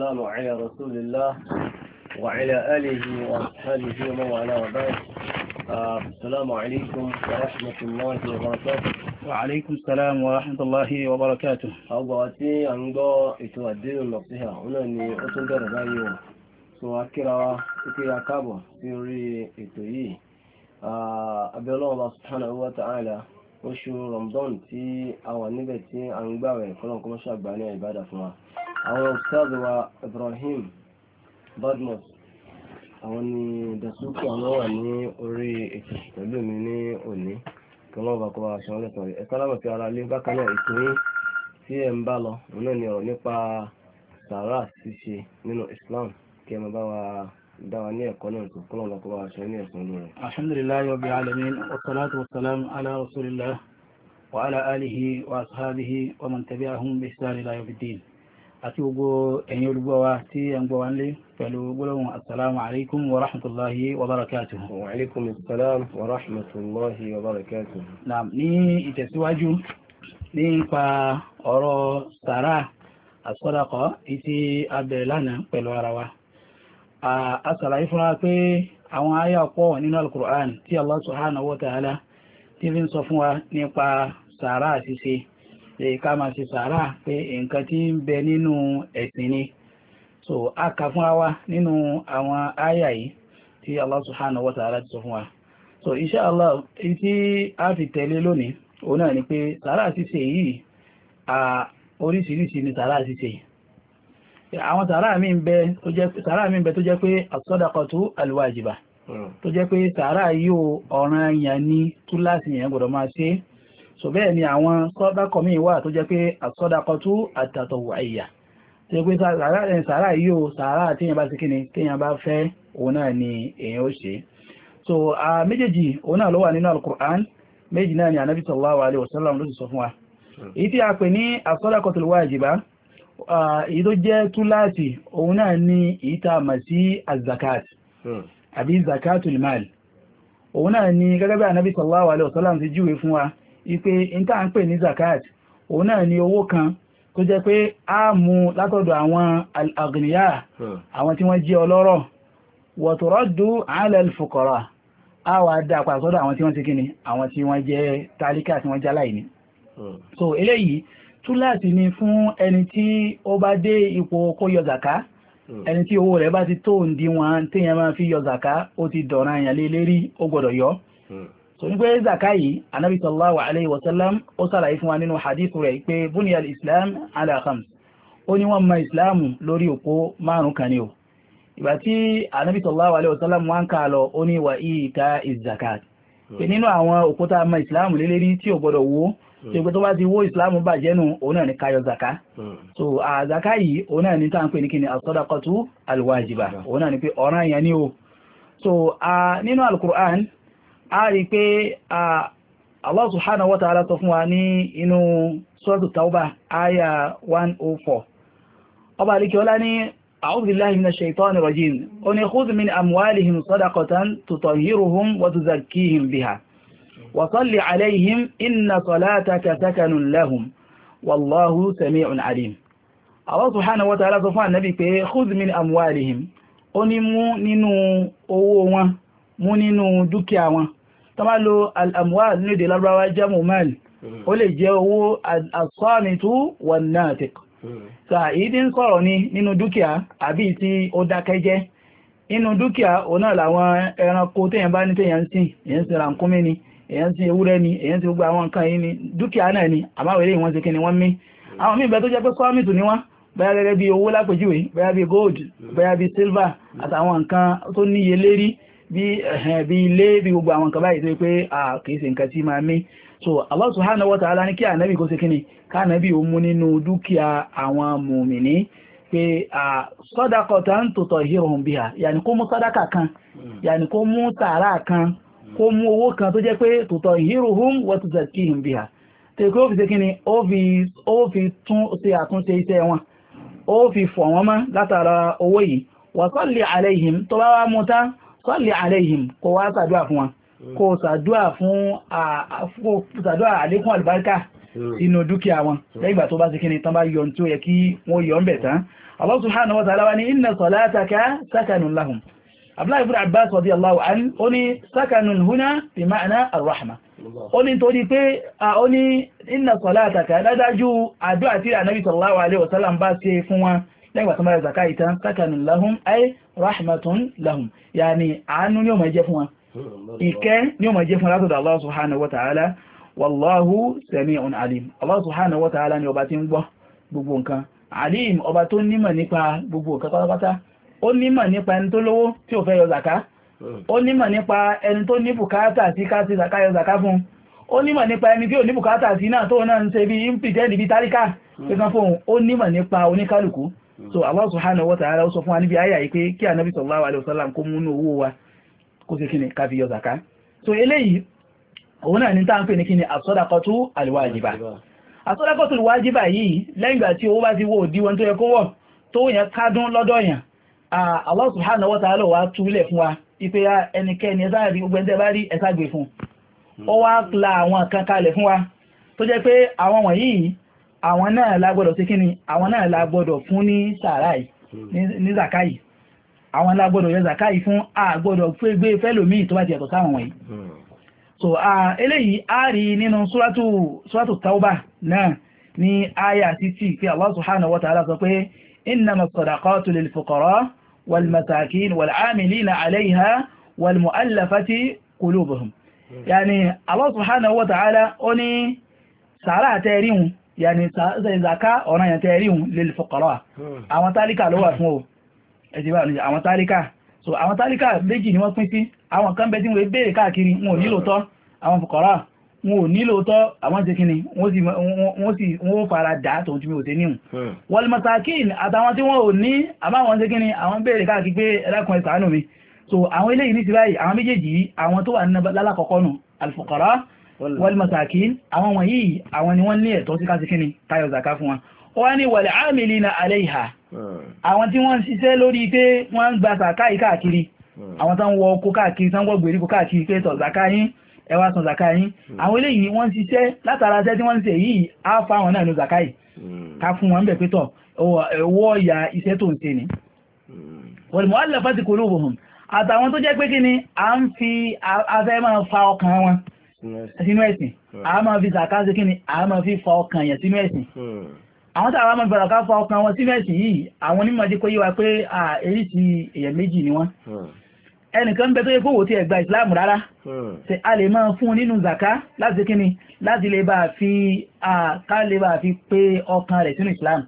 والسلام على رسول الله وعلى آله وأصحابه ومن والاه وبعد السلام عليكم ورحمة الله وبركاته وعليكم السلام ورحمة الله وبركاته أبواتي أنغو إتوادين النصيحة هنا أني أتندر رأيو سواكرا إتيا كابو سيري إتوي أبي الله سبحانه وتعالى oṣù رمضان tí a wà níbẹ̀ كلهم a ń gbàwẹ̀ kọ́lọ́nkọ́mọ́ṣàgbà ní àwọn ustaz wa Ibrahim Badmus àwọn ni dasuki àwọn wà ní orí ètò pẹ̀lú mi ní òní kí wọ́n bá kó wa ṣe wọ́n lẹ́tọ̀ọ́ yìí ẹ̀ka lábàtí ara lé bákan náà ètò yín tí ẹ̀ ń bá lọ òun náà ni ọ̀rọ̀ nípa sàárà ṣíṣe nínú Islam kí ẹ máa bá wa dáwà ní ẹ̀kọ́ náà tó kọ́lọ̀ lọ́kọ́ wa ṣe ní ẹ̀sùn olóòrùn. alhamdulillahi rabbil alamin wassalatu wassalamu ala rasulillah wa ala alihi wa ashabihi wa man tabi'ahum bi ihsan ila àti gbogbo ẹ̀yin olùgbọ́ wa tí ẹ ń gbọ́ wa ń lé pẹ̀lú gbólóhùn assalamu alaikum wa rahmatullahi wa barakatuhu. wa alaikum assalam wa rahmatullahi wa barakatuhu. naam ní ìtẹ̀síwájú nípa ọ̀rọ̀ sàrà àsọ́dàkọ́ ìtì abẹ̀rẹ̀ lánàá pẹ̀lú ara wa. a sàlàyé fún wa pé àwọn àyà pọ̀ nínú alukur'an tí Allah subhanahu wa ta'ala ti fi ń sọ fún wa nípa sàrà àṣìṣe ká máa ṣe sàárà pé nǹkan tí ń bẹ nínú ẹ̀sìn ni so a kà fúnra wa nínú àwọn àyà yìí tí Allah subhanahu wa ta'ala ti sọ fún wa so insha Allah tí a fi tẹ̀lé lónìí òun náà ni pé sàárà ṣíṣe yìí oríṣiríṣi ni sàárà ṣíṣe àwọn sàárà mi ń bẹ tó jẹ́ pé as-sadaqatu al-wajiba hmm. tó jẹ́ pé sàárà yóò ọ̀ranyàn ní túláàsì yẹn gbọ́dọ̀ máa ṣe é so bẹ́ẹ̀ ni àwọn sọ́dákọ̀ míì wà tó jẹ́ pé àsọ́dákọ̀ tú àtàtọ̀wàìyà tó jẹ́ pé sàárà yíò sàárà téèyàn bá sí kíni téèyàn bá fẹ́ òun náà ni èèyàn ó ṣe so a méjèèjì òun náà ló wà nínú alukur'an méjì náà ni anabi sallallahu alaihi wasallam ló ti sọ fún wa hmm. èyí tí a pè ní àsọ́dákọ̀ tó wájìbá èyí tó jẹ́ túláàtì òun náà ni èyí tá a mọ̀ sí azakat hmm. àbí zakatul mal òun náà ni gẹ́gẹ́ bí anabi sallallahu wa wasallam ti júwe fún wa ipe nta ń pè ní zakat òun náà ni owó kan tó jẹ́ pé a mú látọ̀dọ̀ àwọn al-aghniya hmm. àwọn tí wọ́n jẹ́ ọlọ́rọ̀ wa turaddu ala al-fuqara a wà dá pàṣọ́dọ̀ àwọn tí wọ́n ti kíni àwọn tí wọ́n jẹ́ tálíkà tí wọ́n jẹ́ aláìní hmm. so eléyìí túláàsì ni fún ẹni tí ó bá dé ipò kó yọ zaka hmm. ẹni tí owó rẹ̀ bá ti tó òǹdíwọ̀n téèyàn máa fi yọ zaka ó ti dọ̀ràn àyàn ó gbọ́dọ̀ yọ so ń gbé zaka yìí anabi sallallahu alayhi wa sallam ó sàlàyé fún wa nínú hadith rẹ̀ pé buniya al-islam ala khams ó ní wọ́n ma islam lórí òpó márùn kan ní o ìgbà tí anabi sallallahu alayhi wa wọ́n kà lọ ó ní wa ita izakat hmm. pé nínú àwọn òpó ma islam lé tí ò gbọdọ̀ wó tí ó hmm. gbé tó bá ti wó islam bàjẹ́ nu òun náà ní káyọ zaka hmm. so àzaka òun náà ní tá ń pè ní kíni as-sadaqatu al-wajiba òun náà ní pé ọ̀ràn yẹn ní o so nínú al-Qur'an a rí pé Allah subhanahu wa ta'ala sọ fún wa ní inú suratu tauba aya 104 ọba alikiola ní أعوذ بالله من الشيطان الرجيم أن خذ من أموالهم صدقة تطهرهم وتزكيهم بها وصل عليهم إن صلاتك سكن لهم والله سميع عليم الله سبحانه وتعالى صفى النبي خذ من أموالهم أن مو ننو أووا مو ننو دكيا tọ́bá lo al'amwal ní èdè larabawa jamu mal hmm. ó lè jẹ́ owó asọ́nitú wan natiq hmm. so èyí tí ń sọ̀rọ̀ ní nínú dúkìá àbí tí ó dákẹ́jẹ́ nínú dúkìá òun náà làwọn ẹranko téèyàn bá ní téèyàn ń sìn èyàn ni èyàn sì ni èyàn sì gbogbo àwọn nǹkan yìí ni dúkìá náà ni àmáwẹ̀ lè wọ́n sí kí hmm. gẹ́gẹ́ bí owó lápèjúwe bẹ́ẹ̀ bí gold bẹ́ẹ̀ bí silver àtàwọn nǹkan tó níye lérí bí ilé bí gbogbo àwọn nǹkan báyìí pé kìí nǹkan tí máa so Allah subhanahu wa ta'ala ní kí ànábì kó ṣe kíni káànábì ó mú nínú dúkìá àwọn mùmìnì pé sọ́dákọ̀tà ń tòtọ̀ ìhìrùn bíhà yàní kó mú sọ́dákà kan hmm. yàní kó mú kan kó mú kan tó jẹ́ pé tòtọ̀ ìhìrùn wọ́n ti tẹ̀ kí ìhìn bíhà fi ṣe kí ni ó fi tún fi fọ̀ wọ́n mọ́ látara owó yìí tó bá wá mú sọ́lẹ̀ àlẹ́yìn kó wá sàdúà fún wọn hmm. kó sàdúà fún sàdúà àlékún àlùbáríkà inú hmm. dúkìá wọn hmm. lẹ́gbà tó bá sí kíni tán bá yọ tí ó yẹ kí wọ́n yọ ń bẹ̀ tán Allah subhanahu wa ta'ala ní inna salataka sakanun lahum Abdullahi ibn Abbas radiyallahu anhu ó ní sakanun huna bi ma'na ar-rahma ó ní torí pé ó ní inna salataka ládájú àdúà tí Ànábì sallallahu alaihi wasallam bá ṣe fún wọn lẹ́gbàá tó máa zaka ìtàn kákànù lahum ay rahmatun lahum yani àánú ni ó máa jẹ́ fún wa ìkẹ́ ni ó máa jẹ́ fún látọ̀dọ̀ Allah subhanahu wa ta'ala wallahu sami'un alim Allah subhanahu wa ta'ala ni ọba tí ń gbọ́ gbogbo nǹkan alim ọba tó nímọ̀ nípa gbogbo nǹkan pátápátá ó nímọ̀ nípa ẹni tó lówó tí ò fẹ́ yọ zaka ó nímọ̀ nípa ẹni tó ní bùkátà sí ká ti zaka yọ zaka fún ó nímọ̀ nípa ẹni tí ò ní bùkátà sí náà tó náà ń ṣe bí ń pìtẹ́ níbi táríkà pé hmm. fóun ó nímọ̀ nípa oníkálukú so Allah subhanahu wa ta'ala ó sọ fún wa níbi ayà yìí pé kí ànábì sallallahu alaihi kó múnú owó wa kó sí kíni ká yọ zaka so eléyìí òun náà ní tá ń pè ní kíni as-sadaqatu al-wajiba as-sadaqatu al-wajiba yìí lẹ́yìn ìgbà tí owó bá ti wó òdiwọ̀n tó yẹ kó wa ta'ala wá ipe ẹnikẹ́ni ẹ̀sá rí ogbẹ́ntẹ́ bá rí ẹ̀sá gbé fún ó wá la àwọn kan kalẹ̀ tó jẹ́ pé àwọn wọ̀nyí àwọn náà lágbọ́dọ̀ ṣe kíni àwọn náà lágbọ́dọ̀ fún ní sàárà yìí ní zakai àwọn lágbọ́dọ̀ yọ zakai fún àgbọ́dọ̀ gbé fẹ́lòmíì tó bá ti yàtọ̀ sáwọn wọ̀nyí so eléyìí a rí nínú suratu tauba náà ní aya títí pé Allah subhanahu wa ta'ala sọ pé innama sadaqatu lil fuqara wal masakin wal amilina alayha wal mu'allafati qulubuhum hmm. yani Allah subhanahu wa ta'ala ó ní sàárà tẹ́ríhun yàní zaka ọ̀nà yẹn tẹ́ ríhun lil fuqara hmm. àwọn tálíkà ló wà fún o ẹ̀sìn bá àwọn tálíkà so àwọn tálíkà méjì ni wọ́n pín sí àwọn kan bẹ tí wọ́n béèrè káàkiri wọn ò nílò tọ́ àwọn fuqara wọn ò nílò tọ́ àwọn ṣe kíni wọ́n sì wọ́n fara dà tó ti hmm. mi so àwọn eléyìí ní ti báyìí àwọn méjèèjì àwọn tó wal masakin àwọn wọ̀nyí àwọn ni wọ́n ní ẹ̀tọ́ sí káṣí kíni tayo zaka fún wọn ó wá ní wal amilina alayha hmm. àwọn tí wọ́n ń ṣiṣẹ́ lórí pé wọ́n ń gba zaka yìí káàkiri hmm. àwọn tán wọ oko káàkiri tán wọ gbèríko káàkiri pé sọ zaka yín ẹ wá san zaka yín hmm. àwọn eléyìí wọ́n ń ṣiṣẹ́ látara ṣẹ́ tí wọ́n ń ṣe yìí á fa àwọn náà ní zaka yìí ká fún wọn bẹ̀ pé tọ̀ owó ọ̀yà iṣẹ́ tó ń ṣe ni wal mu'allafati qulubuhum àtàwọn tó jẹ́ pé kí ni à ń fi afẹ́ máa fa ọkàn wọn sínú ẹ̀sìn hmm. a máa fi zaka kí ni a máa fi fa ọkàn yẹn sínú ẹ̀sìn hmm. àwọn tààrà máa bẹ̀rẹ̀ ká fa ọkàn wọn sínú ẹ̀sìn yìí àwọn onímọ̀ jẹ́ kó yé wa pé èyí ti èèyàn méjì ni wọ́n hmm. ẹnìkan ń bẹ tó yẹ kó wò tí ẹ gba ìsìláàmù rárá ṣe a lè máa fún un nínú zaka láti kí ni láti lè bá fi ká lè bá fi pé ọkàn rẹ̀ sínú ìsìláàmù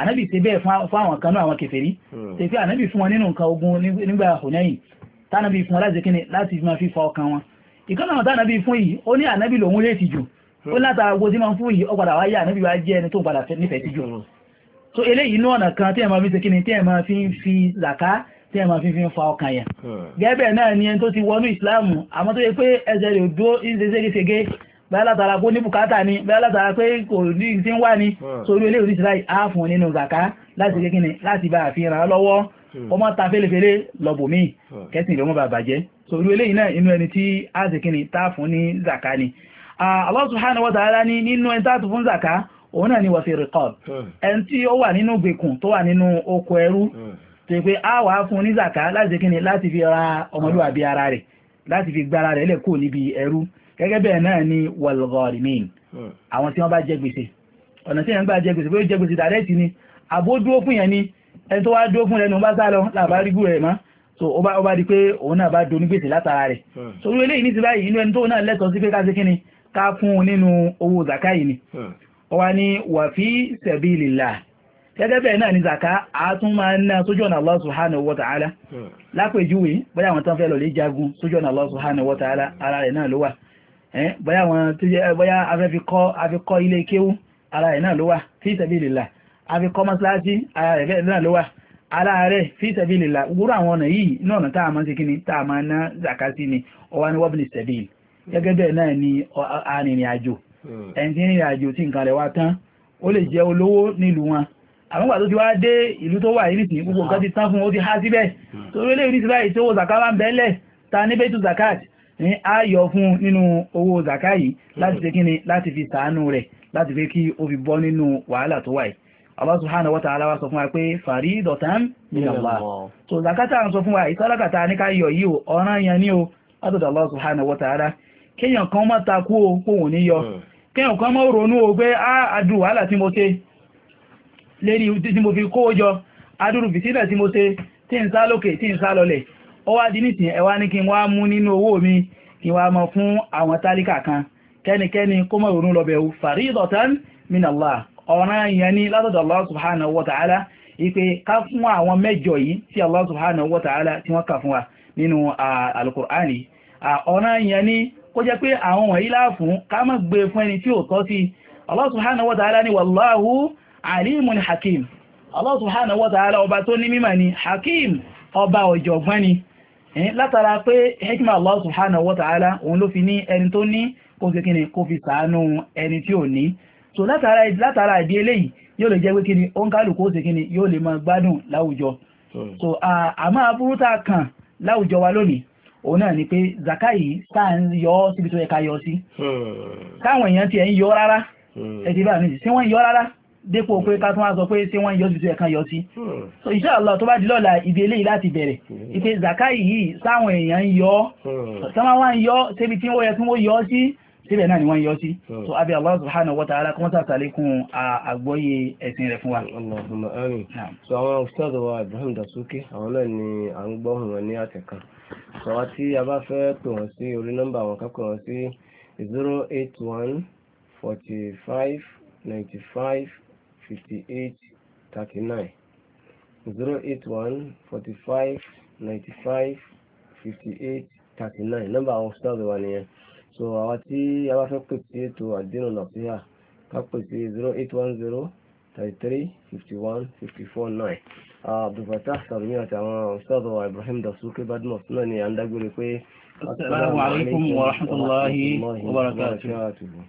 ànábì ṣe bẹ́ẹ̀ fún àwọn kan náà àwọn kèfèrí ṣe fi ànábì fún wọn nínú nǹkan ogun nígbà Hunayn tánàbì fún wọn láti kí ni láti fi máa fi fa ọkàn wọn ìkọ́nà àwọn tánàbí fún yìí ó ní ànábì lòun lè ti jù ó látara gbogbo tí máa ń fún yìí ó padà wáyé ànábì wá jẹ́ ẹni tó padà nífẹ̀ẹ́ ti jù so eléyìí inú ọ̀nà kan tí ẹ̀ máa fi ṣe kí ni tí ẹ̀ máa fi fi làká tí ẹ̀ máa fi fi fa ọkàn yẹn gẹ́gẹ́ náà ni ẹni tó ti wọnú ìsìláàmù àmọ́ tó yẹ pé ẹsẹ̀ rẹ̀ dúró ń ṣe ségesège bẹ́ẹ̀ látara kó ní bùkátà ni bẹ́ẹ̀ látara pé kò ní ti ń wà ní sórí eléyìí oríṣiríṣi àáfùn nínú làká láti Hmm. ó mọ́ ta fẹ́lẹ́fẹ́lẹ́ lọ́bù míì hmm. kẹ́sìn ìlú ọmọ bàbà jẹ́ so irú eléyìí náà inú ẹni tí a sì kíni tá fún ní zaka ni Allah subhanahu wa ta'ala ní nínú ẹni tá fún zaka òun náà ni wà fi rìkọ́d hmm. ẹni tí ó wà nínú gbèkùn tó wà nínú oko ẹrú tó pé a wà fún ní zaka láti ni láti fi ra ọmọlúwàbí ara rẹ̀ láti fi gbára rẹ̀ lẹ̀ kúrò níbi ẹrú gẹ́gẹ́ bẹ́ẹ̀ náà ni wal-gharimin àwọn tí wọ́n bá jẹ gbèsè ọ̀nà tí wọ́n bá ẹni tó wá dúró fún ẹnu bá sá làbárígù rẹ̀ mọ́ so ó bá ó bá di pé òun náà bá doni gbèsè látara rẹ̀ hmm. so irú eléyìí ní ti báyìí inú ẹni tó náà lẹ́tọ̀ọ́ sí pé ká ṣe kíni ká fún nínú owó zaka yìí ni hmm. ó wá ní wà fi sabilillah gẹ́gẹ́ bẹ́ẹ̀ náà ni zaka a tún máa ná sójú ọ̀nà Allah subhanahu wa ta'ala hmm. lápèjúwe bóyá àwọn tán fẹ́ lọ lè jagun sójú ọ̀nà Allah subhanahu wa ta'ala ara rẹ̀ náà ló wà bóyá àwọn tó jẹ́ bóyá afẹ́ fi kọ́ ilé kéwú ara rẹ̀ náà ló wà fi sabilillah àfi kọ́ mọ́sálásí ara rẹ̀ bẹ́ẹ̀ náà ló wà aláàárẹ̀ fi sẹ́bìlì la gbúrú àwọn ọ̀nà yìí náà ọ̀nà táà máa kí ni táà máa ná zakasi ni ọwọ́ ni wọ́bìnì sẹ́bìlì gẹ́gẹ́ bẹ́ẹ̀ náà ni arìnrìn àjò hmm. ẹni tí ń rìn àjò tí nǹkan rẹ̀ wá tán ó lè jẹ́ olówó nílùú wọn àwọn ìgbà tó ti wá dé ìlú tó wà yìí nìsín gbogbo nǹkan ti tán fún ó ti há síbẹ̀ hmm. torí eléyìí nísìnyí láti hmm. ni láti fi sàánú rẹ̀ láti fi kí ó fi bọ́ nínú wàhálà tó wà Allah subhanahu wa ta'ala wá sọ fún wa pé faridatan min Allah so zakata ń sọ fún wa ìsọ́lákàtà ní ká yọ yíò ọ̀ràn yẹn ní o látọ̀dọ̀ Allah subhanahu wa ta'ala kéèyàn kan má takú o kó wò ní yọ hmm. kéèyàn kan má ronú o pé àdù wàhálà tí mo ṣe lérí tí mo fi kó jọ adúrú fìtílẹ̀ tí mo ṣe tí ń sá lókè tí ń sá lọlẹ̀ ó wá di nìsín ẹ wá ní kí n wá mú nínú owó mi kí n wá mọ fún àwọn tálíkà kan kẹ́nikẹ́ni kó Ronu ronú lọ o faridatan min Allah ọ̀ràn yẹn ní látọ̀dọ̀ Allah subhanahu wa ta'ala ipe ká fún àwọn mẹ́jọ yìí tí Allah subhanahu wa ta'ala tí wọ́n kà fún wa nínú alukur'ani ọ̀ràn yẹn ní kó jẹ́ pé àwọn wọ̀nyí láàfún ká má gbé e fún ẹni tí ò tọ́ sí Allah subhanahu wa ta'ala ni wallahu alimun hakim Allah subhanahu wa ta'ala ọba tó so látara látara ìdí eléyìí yóò lè jẹ́ pé kí ni ó ń kálukú ó sì kí ni yóò lè máa gbádùn láwùjọ so àmọ́ aburú tá a kàn láwùjọ wa lónìí òun náà ni pé zakai yìí tá à ń yọ ọ́ síbi tó yẹ ká yọ sí hmm. táwọn èèyàn tiẹ̀ ń yọ rárá hmm. ẹ ti bá mi sí wọ́n ń yọ rárá dépò pé ká tún wá sọ pé tí wọ́n yọ́ tuntun ẹ̀kan yọ sí hmm. so insha Allah tó bá di lọ́la ibi eléyìí láti bẹ̀rẹ̀ ìpè zaka yìí sáwọn èèyàn ń yọ sọ́mọ́ wá ń yọ sébi tí ó yẹ kí wọ́n yọ sí síbẹ̀ náà ni wọ́n yọ sí so abi Allah subhanahu wa ta'ala kọ́ńtà sàlékún àgbọ́yé ẹ̀sìn rẹ̀ fún wa. Allahumma amin so àwọn ustaz wa Ibrahim Dasuki àwọn náà ni à ń gbọ́ wọn ní àtẹ̀kan so àwọn tí a bá fẹ́ pè wọ́n sí orí nọ́mbà àwọn kápẹ́ wọn sí zero eight one forty five ninety five fifty eight thirty nine zero eight one forty five ninety five fifty eight thirty nine nọ́mbà àwọn ustaz wa nìyẹn so àwa tí a bá fẹ́ pè sí ètò àdínù nàfíà ká pè sí zero eight one zero thirty three fifty one fifty four nine ah, abdulfatah sàrùmí àti àwọn ustaz ibrahim dasuki badmus náà ni à ń dágbére pé. asalaamualeykum wa rahmatulahi wa barakatuhu.